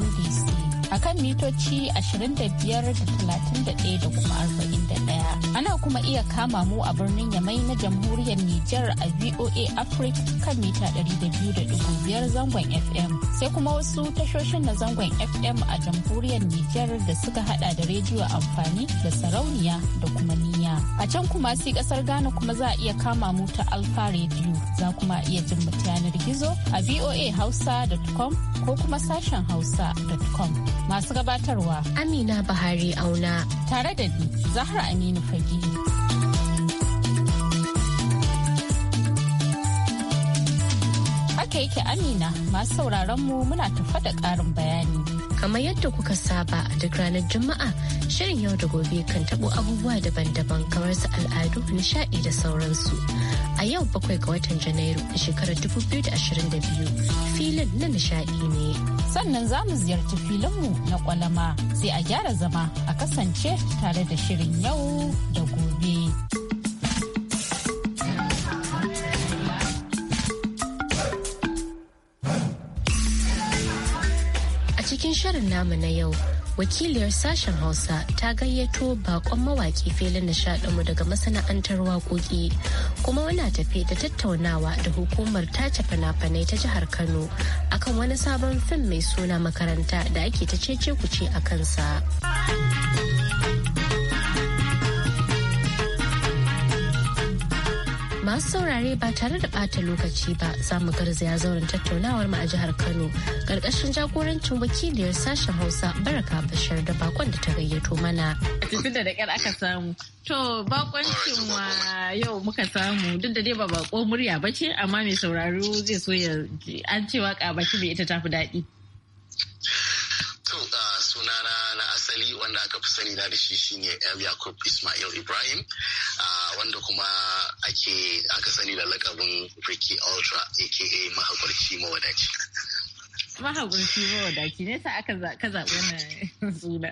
Washington DC a kan mitoci 25,31 da kuma 41. Ana kuma iya kama mu a birnin Yamai na jamhuriyar Nijar a VOA Africa kan mita 200.5 zangon FM. Sai kuma wasu tashoshin na zangon FM a jamhuriyar Nijar da suka hada da rediyo amfani da sarauniya da kuma ni. A can kuma sai kasar Ghana kuma za a iya kama mu ta Alfa Radio za kuma iya jin mu yanar gizo a voahausa.com ko kuma sashen hausa.com. Masu gabatarwa Amina Bahari Auna tare da ni Zahra Aminu Fagi. haka yake amina masu sauraron mu muna tafa da karin bayani. Kamar yadda kuka saba duk ranar Juma'a Shirin yau da gobe kan tabo abubuwa daban-daban kamar su al'adu, nishaɗi da sauransu. A yau bakwai ga watan Janairu a shekarar 2022 filin na nishaɗi ne. Sannan za mu ziyarci mu na kwalama sai a gyara zama a kasance tare da shirin yau da gobe. a cikin shirin namu na yau wakiliyar sashen hausa ta gayyato bakon mawaki filin nishadinmu daga masana'antar waƙoƙi kuma wana tafi da tattaunawa da hukumar tace fina-finai ta jihar kano akan wani sabon fim mai suna makaranta da ake ta cece kuce a kansa. Masu saurare ba tare da ɓata lokaci ba za mu garzaya zauren tattaunawar mu a jihar Kano ƙarƙashin jagorancin wakiliyar sashen Hausa Baraka Bashir da bakon da ta gayyato mana. Tafi da ƙyar aka samu. To bakoncin ma yau muka samu duk da dai ba bako murya ba ce amma mai sauraro zai so ya an cewa ƙabaci bai ita tafi daɗi. fi sani da shi shine El Yakub Ismail Ibrahim wanda kuma ake aka sani da lakabin Ricky Ultra aka mahaƙurci mawadaci. Mahaƙurci mawadaci ne sa aka zaɓi wannan suna.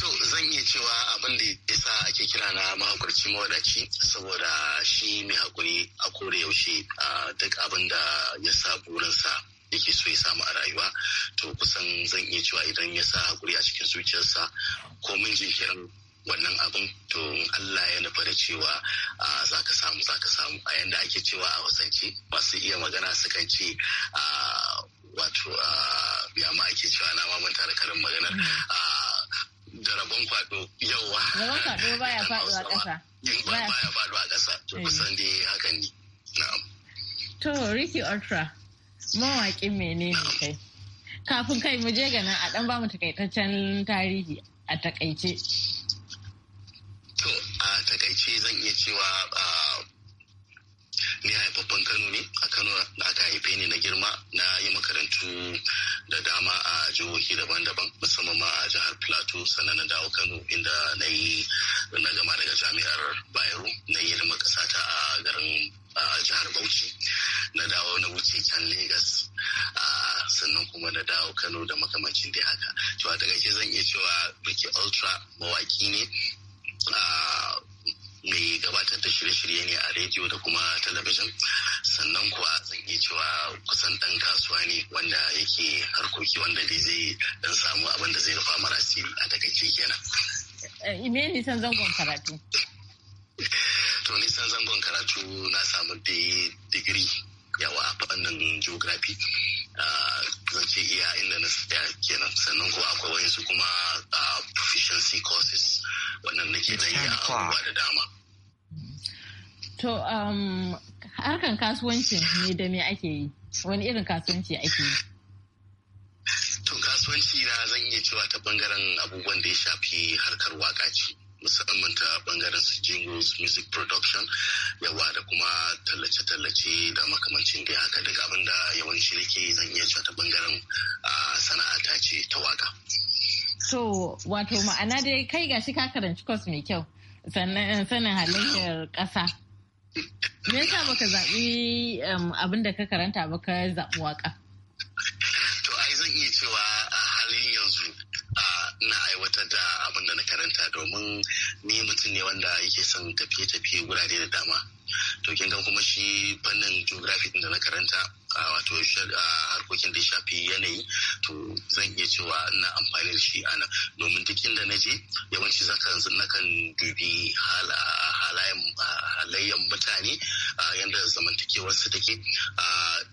To zan iya cewa abin da ya sa ake kira na mahaukarci mawadaci saboda shi mai hakuri a kore yaushe duk abin da ya sa burinsa yake so ya samu a rayuwa to kusan zan iya cewa idan ya sa hakuri a cikin zuciyarsa ko min jinkirin wannan abin to Allah ya nufa da cewa za ka samu za ka samu a yanda ake cewa a wasance masu iya magana sukan ce wato ya ma ake cewa na mamanta da karin maganar hmm. da rabon kwado yauwa rabon kwado baya faduwa ƙasa baya faduwa ƙasa to hmm. kusan dai hakan ne na'am to Ricky Ultra mawaki menene kai kafin kai mu je nan a dan bamu takaitaccen tarihi a takaice to a takaice zan iya cewa ah, ni haifafan kano ne a kano da aka haife ni nisan zangon karatu? To nisan zangon karatu na samu digiri yawa a fannin geography ah, zan ce iya inda na tsaya kenan sannan ko akwai su kuma ah, proficiency courses wannan nake zan yi abubuwa da dama. To um, harkan kasuwancin ne da me ake yi? Wani irin kasuwanci ake yi? To kasuwanci na zan iya cewa ta bangaren abubuwan da ya shafi harkar waka ce. musamman ta bangaren su jingles music production yawa da kuma tallace-tallace da makamancin da haka daga abin da yawanci rike zan iya cewa ta bangaren ta ce ta waka. So wato ma'ana dai kai gashi ka karanci kwas mai kyau sannan sanin halayyar ƙasa. Me yasa baka zaɓi abin da ka karanta ba ka zaɓi waka? To ai zan iya cewa makaranta domin ni mutum ne wanda yake son tafiye-tafiye gurare da dama to kin ga kuma shi fannin geography din da na karanta a wato harkokin da shafi yanayi to zan iya cewa ina amfani da shi ana domin duk inda na je yawanci na kan dubi halayen mutane yadda zamantakewarsu take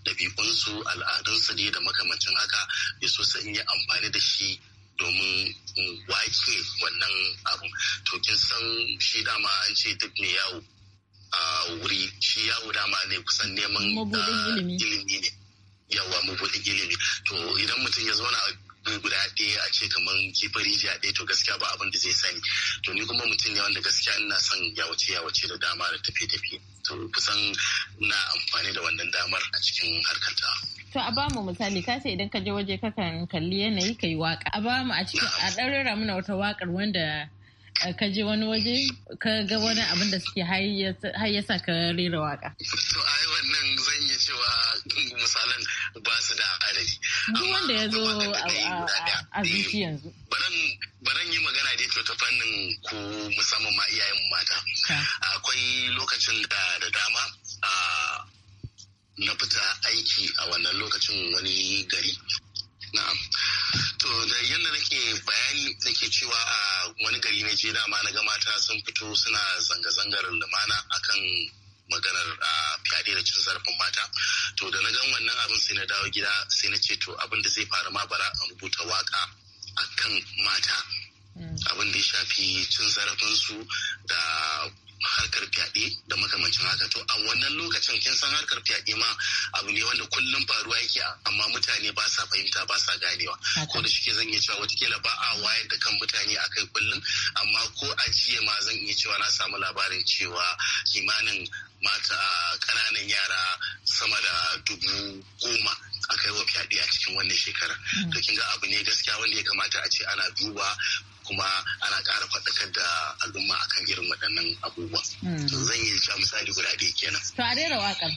ɗabi'unsu al'adunsu ne da makamancin haka ya so in yi amfani da shi domin wake wannan abu to kin san shi dama an ce duk mai yawo a wuri shi yawo dama ne kusan neman ah, ilimi ne yawa mabudin ilimi to idan mutum ya zauna guda ɗaya a ce kamar kifin rijiya ɗaya to gaskiya ba abin da zai sani to ni kuma mutum ne wanda gaskiya ina son yawace yawace da dama da tafiye tafi to kusan na amfani da wannan damar a cikin harkar ta. To a bamu misali ka ce idan ka je waje kakan kalli yanayi ka yi waka. A bamu a cikin a ɗaurara mana wata wakar wanda eh, ka je wani waje ka ga wani abin da suke hayyasa ka rera waka. To yi wannan zan iya cewa misalan ba su da adadi. Duk wanda ya zo a zuci yanzu. Eh, baran yi wato ta fannin ku musamman ma iyayen mata akwai lokacin da da dama na fita aiki a wannan lokacin wani gari to da yadda nake bayani nake cewa a wani gari na je dama na ga mata sun fito suna zanga-zangar lumana akan maganar a fyaɗe da cin zarafin mata to da na gan wannan abin sai na dawo gida sai na ce to abin da zai faru ma bara an rubuta waka akan mata abin da ya shafi cin zarafin su da harkar fyaɗe da makamancin haka to a wannan lokacin kin san harkar fyaɗe ma abu ne wanda kullum faruwa yake amma mutane ba sa fahimta ba sa ganewa ko da shike zan iya cewa watakila ba a wayar da kan mutane a kai kullum amma ko a jiya ma zan iya cewa na samu labarin cewa kimanin mata ƙananan yara sama da dubu goma aka yi wa fyaɗe a cikin wannan shekara mm. to kin ga abu ne gaskiya wanda ya kamata a ce ana duba kuma ana ƙara faɗakar da al'umma akan irin waɗannan abubuwa. Hmm. Zan yi sha misali guda ɗaya kenan. To a rera waƙar.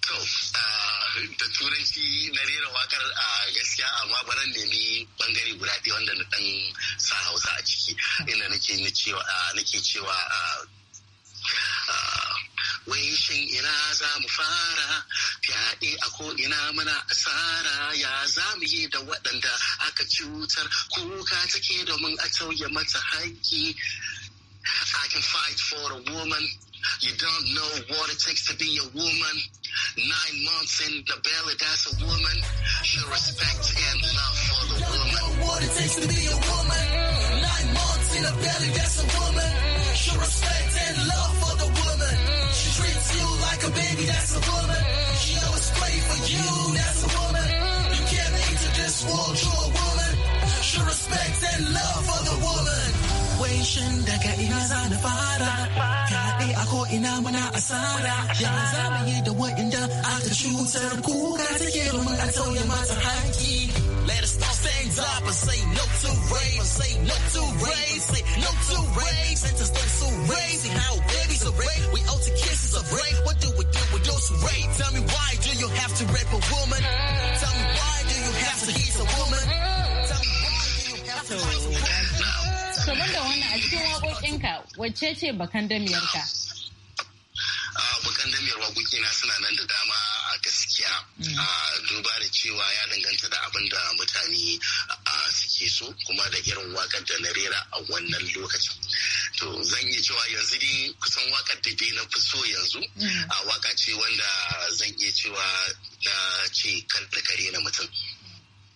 To da turanci na rera wakar a gaskiya amma baran nemi bangare guda ɗaya wanda na ɗan sa hausa a ciki hmm. inda nake cewa wai shin ina za mu fara fyaɗe a ko ina muna asara ya za mu yi da waɗanda aka cutar kuka take domin a tauye mata haƙƙi I can fight for a woman. You don't know what it takes to be a woman. Nine months in the belly, that's a woman. Show respect and love for the woman. You don't know what it takes to be a woman. Nine months in the belly, that's a woman. baby, that's a woman. She always for you, that's a woman. You can't enter this world, you're a woman. Show respect and love for the woman. Wai shin daga ina za fara, kaɗe a ko ina muna asara, ya za yi da wa'inda aka cutar kuka take domin a sauya mata haƙi. job and say no to rape, and say no to rape, say no to rape, sentence no to rape, see how babies are rape, we owe to kisses of rape, what do we do with those rape? Tell me why do you have to rape a woman? Tell me why do you have to hit a woman? Tell me why do you have to hit a woman? So banda wannan a cikin waƙoƙinka wacce ce bakan damiyarka? Ah, bakan damiyar waƙoƙina suna nan da a duba da cewa ya danganta da abin da mutane suke so kuma da irin wakar da na rera a wannan lokacin to zan iya cewa yanzu dai kusan wakar da dai na fi so yanzu mm. a waka ce wanda zan iya cewa na ce kan kare na mutum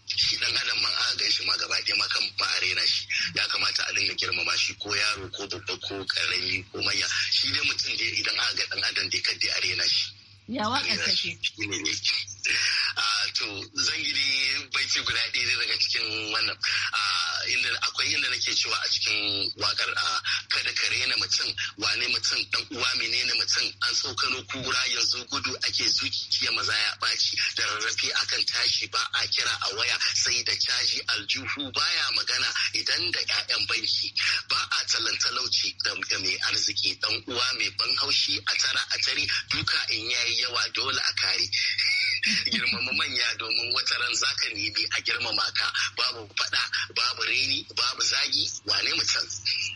shi dan adam ma a gan shi ma gaba ɗaya ma kan ba rena shi ya kamata a dinga girmama shi ko yaro ko babba ko karami ko manya shi dai mutum da idan aka ga dan adam dai kan dai a rena shi ya waka to zan yi baiti guda ɗaya daga cikin wannan inda akwai inda nake cewa a cikin wakar kada ka na mutum wane mutum dan uwa menene mutum an tsokano kura yanzu gudu ake zuciya maza ya ɓaci da rarrafe akan tashi ba a kira a waya sai da caji aljuhu baya magana idan da 'ya'yan banki ba a talan talauci da mai arziki dan uwa mai ban haushi a tara a tare duka in yayi yawa dole a kare girmama manya domin wata ran ka nemi a girmama ka babu fada babu reni babu zagi wane mutum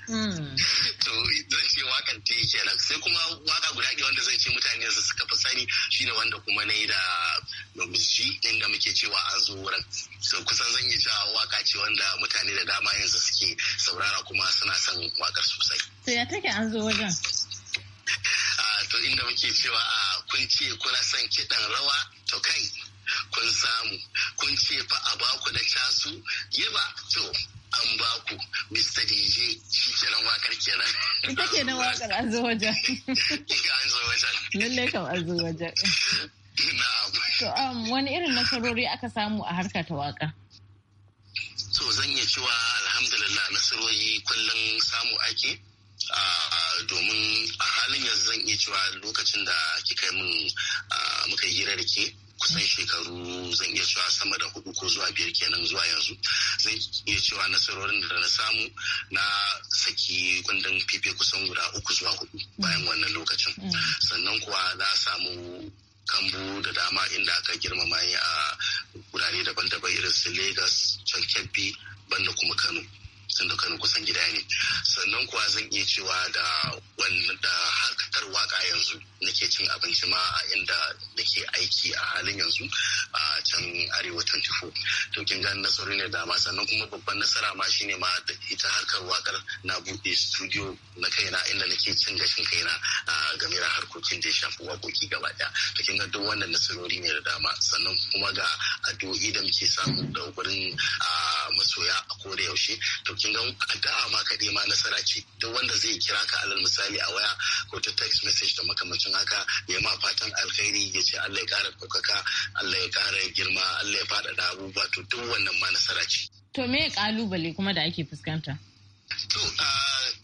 hmm. to zan ce wakan te kenan sai kuma waka guda biyu wanda zan ce mutane su suka fi sani shine wanda kuma na yi da nomisji inda muke cewa an zo wurin so kusan zan yi cewa waka ce wanda mutane da dama yanzu suke saurara kuma suna son wakar sosai to ya take an zo wajen ah, to inda muke cewa a ah, kun ce kuna son kiɗan rawa to kai kun samu kun ce fa a baku na casu yi ba to an baku mr dj shi kenan wakar kenan ita kenan wakar an zo wajen ita an zo wajen lalle kam an zo wajen to um, wani irin nasarori aka samu a harka ta waka to zan iya cewa alhamdulillah nasarori kullum samu ake domin a halin yanzu zan iya cewa lokacin da kika min muka hira da ke kusan shekaru zan iya cewa sama da hudu ko zuwa biyar kenan zuwa yanzu zan iya cewa nasarorin da na samu na saki kundin fife kusan guda uku zuwa hudu bayan wannan lokacin mm. sannan kuwa za a samu kambu da dama inda aka girmama a wurare daban-daban irin su lagos can kebbi banda kuma kano tun da Kano kusan gida ne sannan kuwa zan iya cewa da wanda harkar waka yanzu nake cin abinci ma a inda nake aiki a halin yanzu a can arewa 24 to kin gani nasaru ne dama sannan kuma babban nasara ma shine ma da ita harkar wakar na bude studio na kaina inda nake cin gashin kaina a game da harkokin da ya shafi wakoki gaba ɗaya to kin gani duk wannan nasarori ne da dama sannan kuma ga addu'o'i da muke samu da gurin masoya a koda yaushe to kin ga addu'a ma ka ma nasara ce duk wanda zai kira ka alal misali a waya ko ta text message da makamancin haka ya ma fatan alkhairi ya ce Allah ya kara ɗaukaka Allah ya kara girma Allah ya faɗaɗa abubuwa to duk wannan ma nasara ce. To me kalubale kuma da ake fuskanta? To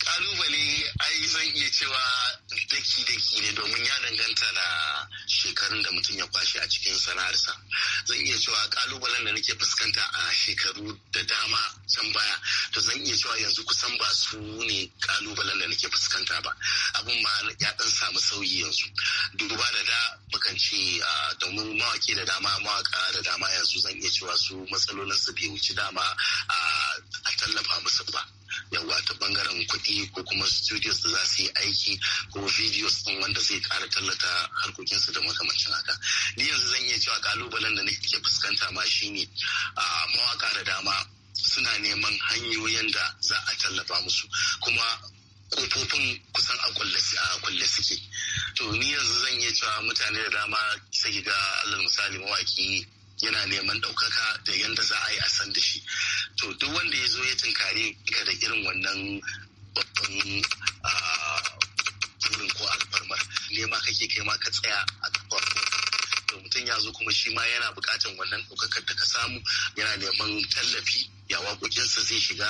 kalubale ai zan iya cewa daki-daki ne domin ya danganta da shekarun da mutum ya kwashe a cikin sana'arsa zan iya cewa kalubalen da nake fuskanta a shekaru da dama can baya to zan iya cewa yanzu kusan ba su ne kalubalen da nake fuskanta ba abin ma ya dan samu sauyi yanzu duba da da mukan ce domin mawaki da dama mawaka da dama yanzu zan iya cewa su matsalolin su bai wuci dama a tallafa musu ba yawa ta bangaren kuɗi ko kuma studios da za su yi aiki ko videos ɗin wanda zai ƙara tallata harkokinsu da makamancin haka ni yanzu zan iya cewa kalubalen da nake fuskanta ma shine mawaka da dama suna neman hanyoyin da za a tallafa musu kuma kofofin kusan a kulle suke to ni yanzu zan iya cewa mutane da dama sai ga alal misali mawaki yana neman ɗaukaka da yadda za a yi a san da shi to duk wanda ya zo ya tunkare ka da irin wannan babban ah, burin ko alfarmar nema kake kai ma ka tsaya a to mutum ya zo kuma shi ma yana buƙatar wannan ɗaukakar da ka samu yana neman tallafi ya waƙoƙinsa zai shiga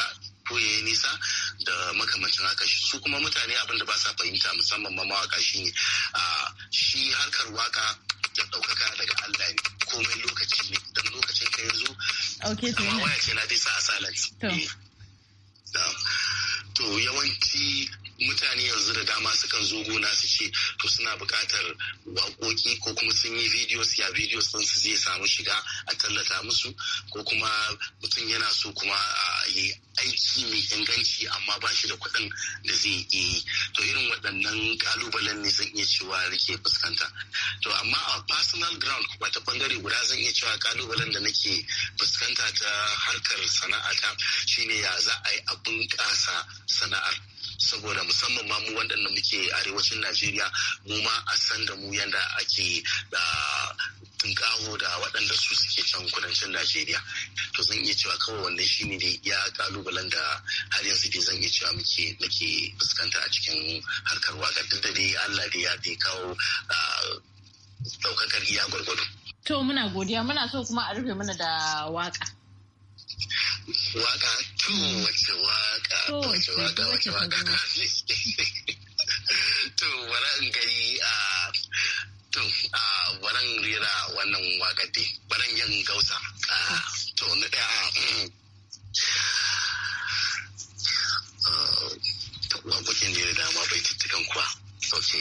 ko ya nisa da makamancin haka su kuma mutane abin da ba sa fahimta musamman ma mawaka shi ne. Ah, shi harkar waka da ɗaukaka daga Allah ne komai lokaci ne dan lokacin ka yanzu amma waya ce na dai a silent eh. to yawanci mutane yanzu da dama sukan zo gona su ce to suna buƙatar waƙoƙi ko kuma sun yi videos ya videos ɗin su zai samu shiga a tallata musu ko kuma mutum yana so kuma a yi aiki mai inganci amma ba shi da kuɗin da zai yi to irin waɗannan kalubalen ne zan iya cewa rike fuskanta to amma a personal ground kuma ta bangare guda zan iya cewa kalubalen da nake fuskanta ta harkar sana'ata shine ya za a yi a bunƙasa sana'ar saboda musamman ma mu waɗanda muke arewacin najeriya mu ma a san da mu yadda ake ah, kamo da waɗanda su suke can kudancin najeriya to zan iya cewa kawai wannan shine ne ya kalubalen da har yanzu dai zan iya cewa muke nake fuskanta a cikin harkar wakar da dai allah dai ya dai kawo ɗaukakar iya gwargwado. to muna godiya muna so kuma a rufe mana da waka. waka to wace waka wace waka wace waka to wani gani a to a baran rera wannan wakati, baran yan gausa to na daya mm. wakokin ne da dama bai tuttukan kuwa ok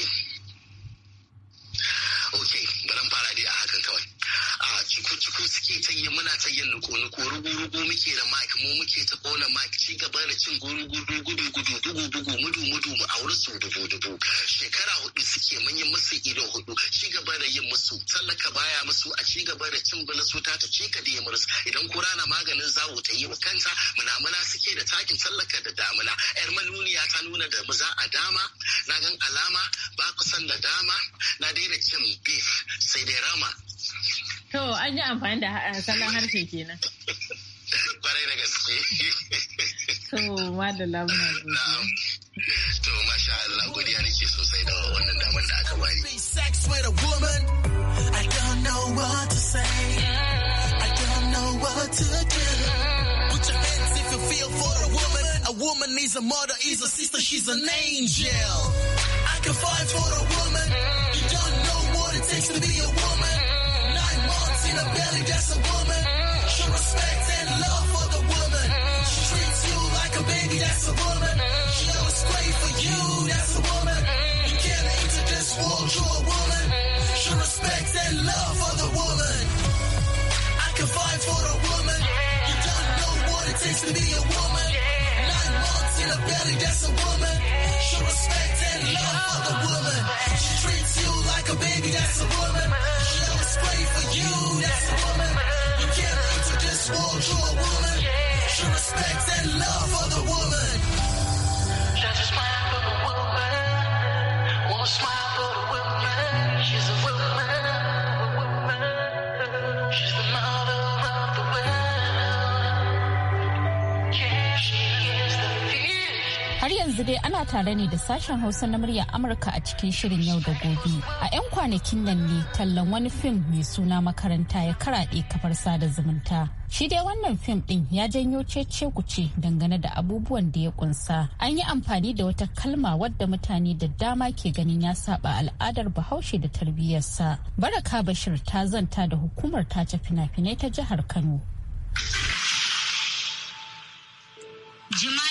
cuku suke ta yi muna ta yin nuku-nuku rugu-rugu muke da mic mu muke ta kona mic ci gaba da cin guru gudu-gudu bugu-bugu mudu-mudu mu auri su dubu-dubu shekara hudu suke mun yi musu ido hudu ci gaba da yin musu tallaka baya musu a ci gaba da cin bala su ta ta ci ka da yamurus idan kura na maganin zawo ta yi wa kanta munamuna suke da takin tallaka da damuna yar manuniya ta nuna da mu za a dama na gan alama ba kusan da dama na daina cin beef sai dai rama To an yi amfani da eh, salon harshe kenan. Kwarai da gaske. To madalla muna godiya. To masha Allah godiya nake sosai da wannan damar da aka bani. Sex with a woman, I don't know what to say. I don't know what to do. Put your hands if you feel for a woman. A woman is a mother, is a sister, she's an angel. I can fight for a woman. You don't know what it takes to be a woman in a belly, that's a woman. Show respect and love for the woman. She treats you like a baby, that's a woman. She for you, that's a woman. You can't this world, you're a woman. Show respect and love for the woman. I can fight for the woman. You don't know what it takes to be a woman. Nine months in a belly, that's a woman. Show respect and love for the woman. She treats you like a baby, that's a woman. She play for you. That's a woman. You can't leave to this world, you're a woman. She respects and love for the woman. yanzu dai ana tare ne da sashen Hausa na murya Amurka a cikin shirin yau da gobe. A 'yan kwanakin nan ne tallan wani fim mai suna makaranta ya karaɗe kafar sada zumunta. Shi dai wannan fim ɗin ya janyo cece kuce dangane da abubuwan da ya kunsa. An yi amfani da wata kalma wadda mutane da dama ke ganin ya saba al'adar Bahaushe da tarbiyyarsa. Baraka Bashir ta zanta da hukumar tace fina-finai ta jihar Kano. Jima'i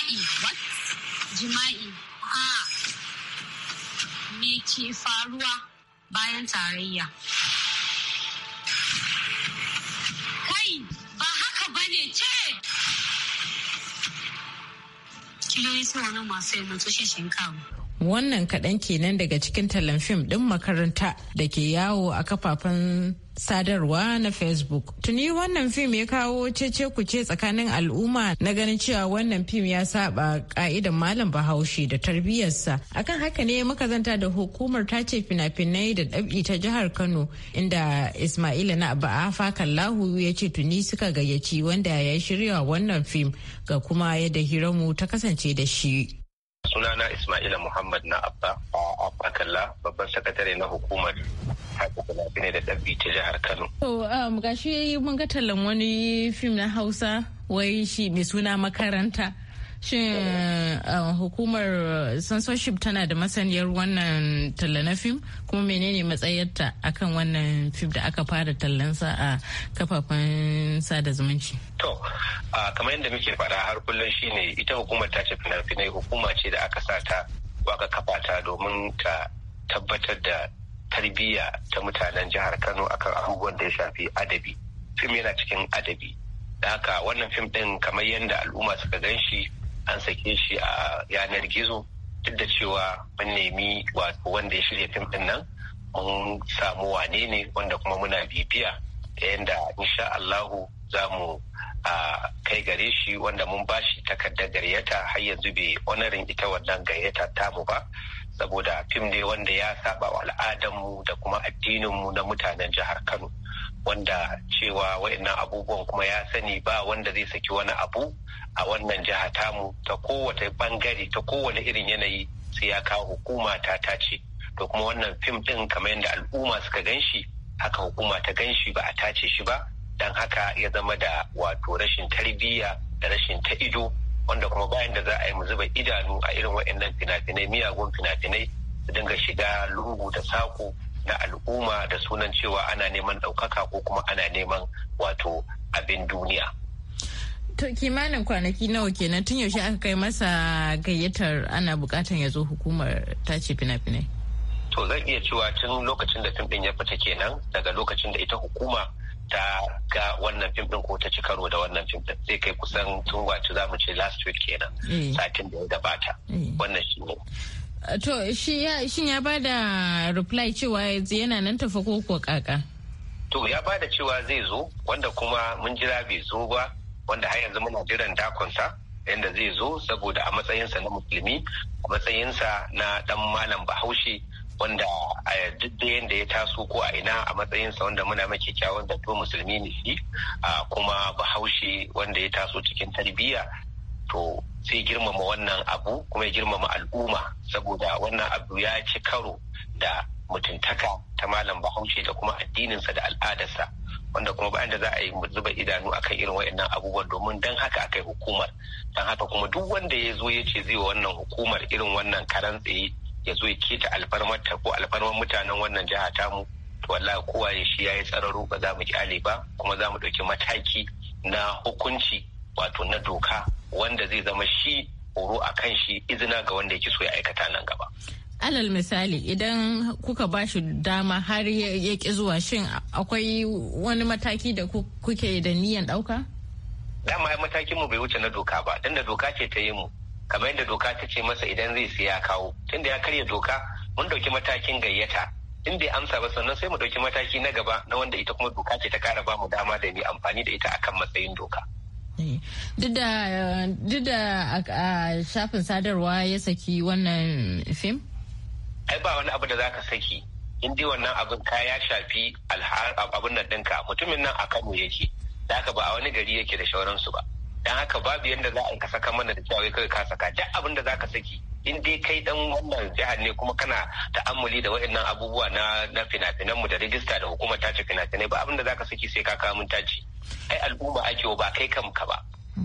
jima'i a me ke faruwa bayan tarayya. Kai ba haka ba ne ce! Kiloyi wani masu yi mutushin shinkawa. Wannan kaɗan kenan daga cikin talan fim ɗin makaranta da ke yawo a kafafen sadarwa na facebook tuni wannan fim ya kawo cece ce tsakanin al'umma na ganin cewa wannan fim ya saba ka'idan malam bahaushe da tarbiyyarsa akan haka ne muka zanta da hukumar tace fina-finai da dab'i ta jihar kano inda ismaila na fakan lahu ya ce tuni suka gayyaci wanda ya shirya wannan fim ga kuma yadda hiramu ta kasance da shi sunana ismaila muhammad na abba abba babban sakatare na hukumar haɗa ne da ɗab'i ta jihar kano to um, gashi mun ga tallan wani fim na hausa wai shi mai suna makaranta shin uh, hukumar censorship tana da masaniyar wannan talla na fim kuma menene matsayarta akan wannan fim da aka fara tallansa a kafafen sada zumunci to uh, kamar yadda muke faɗa har kullum shine ita hukumar ta ce fina-finai hukuma ce da aka sa ta waka kafa ta domin ta tabbatar da tarbiyya ta mutanen jihar kano akan abubuwan da ya shafi adabi fim yana cikin adabi da haka wannan fim ɗin kamar yadda al'umma suka gan shi an sake shi a yanar gizo duk da cewa mun nemi wato wanda ya shirya fim din nan mun samu wane ne wanda kuma muna bibiya yadda insha Allahu za mu kai gare shi wanda mun bashi takardar gayyata har yanzu bai onarin ita wannan gayyata mu ba saboda fim ne wanda ya saba wa al'adarmu da kuma addininmu na mutanen jihar Kano wanda cewa waɗannan abubuwan kuma ya sani ba wanda zai saki wani abu a wannan jiha tamu ta kowace bangare ta kowane irin yanayi sai ya kawo hukuma ta tace to kuma wannan fim ɗin kamar yadda al'umma suka ganshi haka hukuma ta ganshi ba a tace shi ba dan haka ya zama da wato rashin tarbiyya da rashin ta ido wanda kuma bayan da za a yi mu zuba idanu a irin waɗannan fina-finai miyagun fina-finai su dinga shiga lungu da saƙo da al'umma da sunan cewa ana neman ɗaukaka ko kuma ana neman wato abin duniya. To kimanin kwanaki nawa kenan tun yaushe aka kai masa gayyatar ana bukatan ya zo hukumar tace fina-finai. To zan iya cewa tun lokacin da fim ɗin ya fita kenan daga lokacin da ita hukuma ta ga wannan fim ɗin ko ta ci karo da wannan fim zai kai kusan tun wace za mu ce last week kenan eh. satin da ya gabata eh. wannan shi ne. To shin ya ba da reply cewa yana nan tafa ko ko kaka? To ya ba cewa zai zo wanda kuma mun jira bai zo ba wanda har yanzu muna jiran dakonsa yadda zai zo saboda a matsayinsa na musulmi a matsayinsa na dan malam bahaushe wanda a duk da yadda ya taso ko a ina a matsayinsa wanda muna mace kyakkyawan da to musulmi ne shi kuma bahaushe wanda ya taso cikin tarbiyya to Sai girmama wannan abu kuma ya girmama al'umma saboda wannan abu ya ci karo da mutuntaka ta malam bahaushe da kuma addininsa da al'adarsa wanda kuma bayan da za a yi zuba idanu akan irin wayannan abubuwan domin dan haka akai hukumar dan haka kuma duk wanda ya zo ya ce zai wa wannan hukumar irin wannan karan tsaye ya zo ya keta alfarmar ta ko alfarmar mutanen wannan jiha tamu to wallahi kowa ya shi ya yi tsararo ba za mu kyale ba kuma za mu ɗauki mataki na hukunci wato na doka wanda zai zama shi horo a kan shi izina ga wanda yake so ya aikata nan gaba. alal misali idan kuka ba shi dama har ya ki zuwa shin akwai wani mataki da kuke da niyan ɗauka? dama matakin mu bai wuce na doka ba dan da doka ce ta yi mu kamar yadda doka ta ce masa idan zai siya kawo tunda ya karya doka mun ɗauki matakin gayyata in bai amsa ba sannan sai mu ɗauki mataki na gaba na wanda ita kuma doka ce ta kara ba mu dama da ni amfani da ita akan matsayin doka. Duk da a shafin sadarwa ya saki wannan fim? Ai ba wani abu da za ka saki. indi wannan abin ka ya shafi abin da ɗinka mutumin nan a Kano yake. Da haka ba a wani gari yake da shauransu ba. don haka babu yadda za a ka saka mana da cewa kai ka saka. Duk abin da za ka saki in dai kai dan wannan jihar ne kuma kana ta'ammuli da waɗannan abubuwa na na fina-finan mu da rijista da hukumar tace fina-finai ba abin da zaka saki sai ka kawo mun tace ai al'umma ake ba kai kanka ba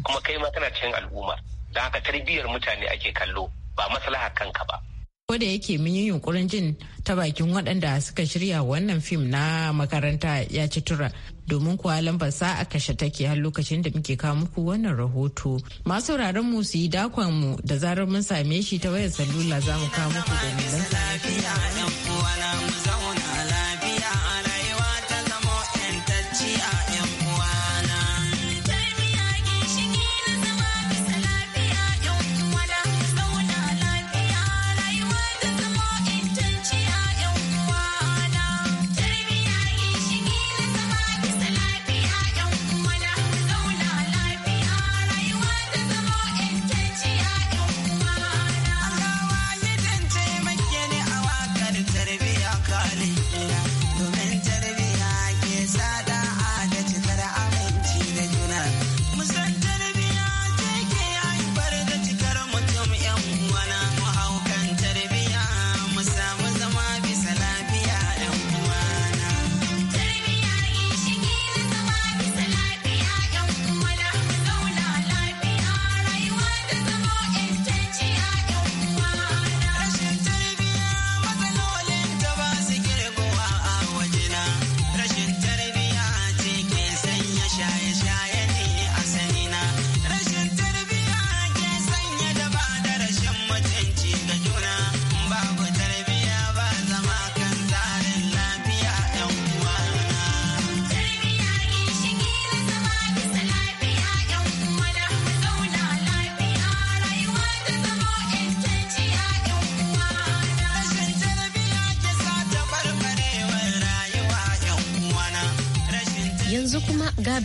kuma kai ma kana cikin al'umma dan haka tarbiyyar mutane ake kallo ba maslaha kanka ba ko da yake mun yi yunkurin jin ta bakin waɗanda suka shirya wannan fim na makaranta ya ci tura domin kuwa lambar sa a kashe take har lokacin da muke kawo muku wannan rahoto. Masu sauraron mu su yi dakon mu da zarar mun same shi ta wayar salula za mu kawo muku da lafiya.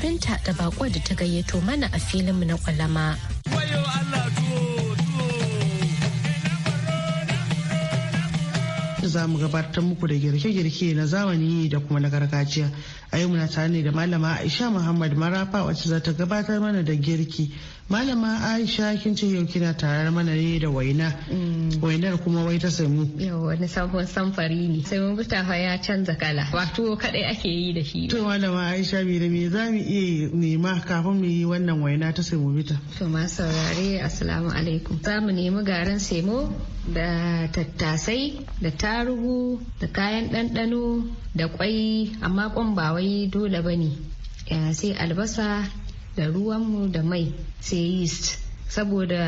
binta da bako da ta gayyato mana a filinmu na kwalama. za mu gabatar muku da girke-girke na zamani da kuma na gargajiya a yau muna tare ne da malama aisha muhammad marafa wacce za ta gabatar mana da girki malama aisha kin ce yau kina tarar mana ne da waina mm. wainar kuma wai ta samu yau wani sabon samfari ne sai mun buta ya canza kala wato kadai ake yi da shi to malama aisha me da me za mu iya nema kafin mu yi wannan waina ta samu bita to ma saurare assalamu alaikum za mu nemi garin semo da tattasai da tarugu da kayan ɗanɗano da kwai amma kwan ba wai dole ba ne sai albasa da ruwanmu da mai sai yeast saboda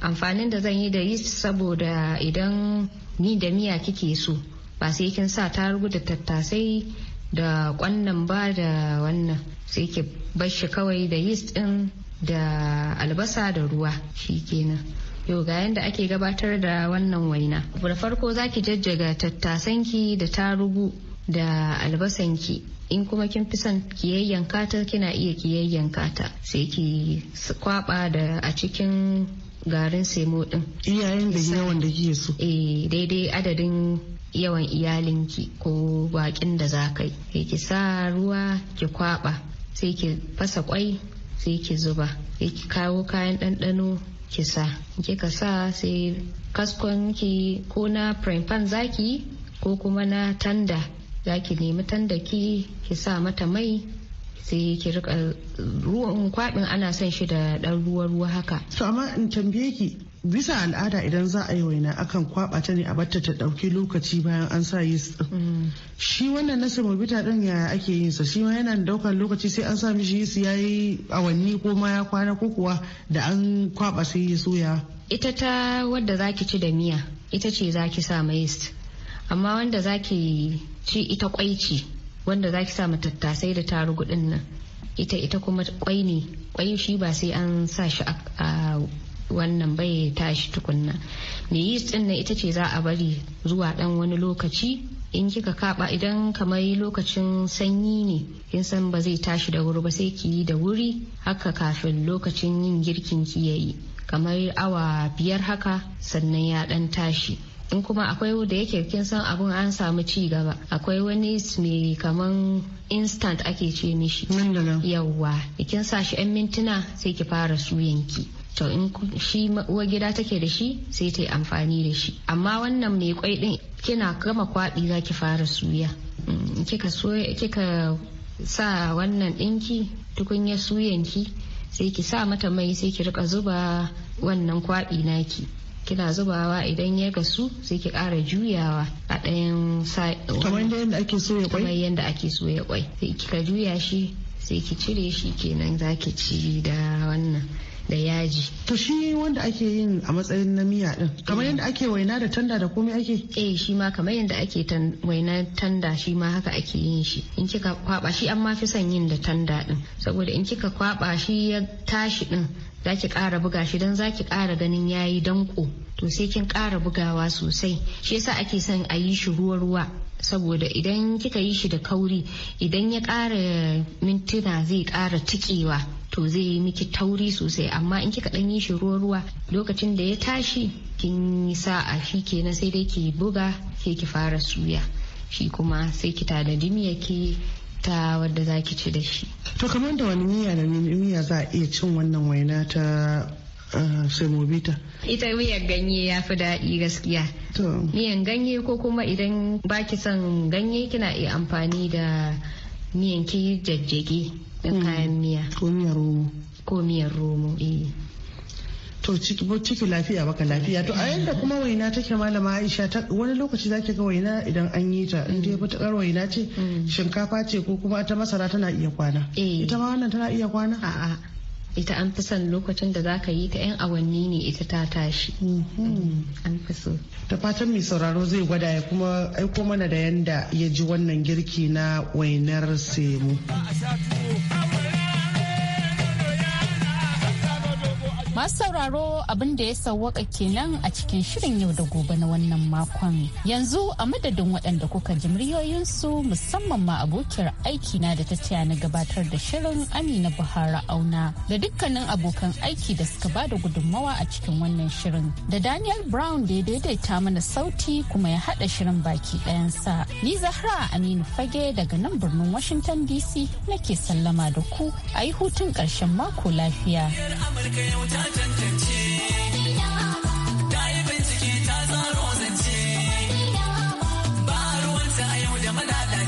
amfanin da zan yi da yeast saboda idan ni da miya kike so ba sai kin sa tarugu da tattasai da kwannan ba da wannan sai ke bashi kawai da yeast din da albasa da ruwa shi kenan yau ga yadda ake gabatar da wannan waina da farko za ki jajjaga tattasanki da tarugu da albasanki in kuma kin fi son kiyayyen kata kina iya kiyayyen kata sai ki kwaba da a cikin garin semo din iyayen da yawan da kike so eh daidai adadin yawan iyalinki ko bakin da za kai sai ki sa ruwa ki kwaba sai ki fasa kwai sai ki zuba sai ki kawo kayan ɗanɗano ki sa kika sa sai kaskon ki ko na prime pan zaki ko kuma na tanda za ki nemi tandaki ki sa mata mai sai ki rika ruwan kwabin ana son shi da ɗan ruwa ruwa haka to amma in tambaye ki bisa al'ada idan za a yi waina akan kwaba ta ne a batta ta dauki lokaci bayan an sa yi mm. shi wannan na bita din ya ake yin sa shi ma yana ɗaukar lokaci sai an sa mishi ya yayi awanni ko ma ya kwana ko kuwa da an kwaba sai ya soya ita ta wadda zaki ci da miya ita ce zaki sa mai yeast amma wanda zaki shi ita kwai ce wanda za ki sa tattasai da taru din nan ita ita kuma kwai ne kwai shi ba sai an sa shi a wannan bai tashi tukunna me yeast din nan ita ce za a bari zuwa dan wani lokaci in kika kaba idan kamar lokacin sanyi ne kin san ba zai tashi da wuri ba sai ki yi da wuri haka kafin lokacin yin girkin ki yayi kamar awa biyar haka sannan ya dan tashi in kuma akwai da yake kin san abun an samu ci gaba akwai wani mai kaman instant ake ce mishi yawwa kin sa shi 'yan mintuna sai ki fara suyanki to in shi uwa gida take da shi sai ta yi amfani da shi amma wannan mai kwai din kina gama kwaɗi za ki fara suya mm, kika kika sa wannan ɗinki tukunya suyanki sai ki sa mata mai sai ki rika zuba wannan kwaɗi naki kina zubawa idan ya gasu sai ki ƙara juyawa a ɗayan kamar yadda ake so ya kwai kamar yadda ake so ya kwai sai kika juya shi sai ki cire shi kenan za ki ci da wannan da yaji. To shi wanda ake yin a matsayin na miya din kamar yadda ake waina da tanda da komai ake? Eh shi ma kamar yadda ake waina tanda shi ma haka ake yin shi. In kika kwaba shi an mafi fi son yin da tanda din saboda in kika kwaba shi ya tashi din za ki ƙara buga shi don za ki ƙara ganin ya yi danko to sai kin ƙara bugawa sosai shi yasa ake son a yi shi ruwa-ruwa saboda idan kika yi shi da kauri idan ya ƙara mintuna zai ƙara tikewa to zai yi miki tauri sosai amma in kika ɗan yi shi ruwa-ruwa lokacin da ya tashi kin yi sa'a shi kenan sai dai ki buga ke ki fara suya shi kuma sai ki tanadi miyake ta wadda za ki ci da shi. To kamar da wani miya da miya za a iya cin wannan waina ta eh, semovita. Ita miyan ganye ya fi daɗi gaskiya. Miyan ganye ko kuma idan baki son ganye kina iya amfani da miyan ki jajjage da hmm. kayan miya. Ko miyan romo. Ko miyan romo eh. to ciki lafiya baka lafiya to a yanda kuma waina take malama aisha wani lokaci zaki ga waina idan an yi ta in dai kar waina ce mm. shinkafa ce ko kuma ta masara tana iya kwana eh. ita ma wannan tana iya kwana a'a ita an fi son lokacin da zaka yi ta yan awanni ne ita ta tashi mm-hmm. an fi so ta fatan mai sauraro zai gwada ya kuma aiko mana da yanda ya ji wannan girki na wainar semu Masu sauraro abin da ya sauwaka kenan a cikin shirin yau da gobe na wannan makon. Yanzu a madadin waɗanda kuka ji muryoyinsu musamman ma abokiyar aiki na da ta taya na gabatar da shirin Amina Buhari Auna da dukkanin abokan aiki da suka bada gudunmawa a cikin wannan shirin. Da Daniel Brown da ya daidaita mana sauti kuma ya haɗa shirin baki ɗayansa. Ni Zahra Aminu Fage daga nan birnin Washington DC nake sallama da ku a yi hutun ƙarshen mako lafiya. da yau da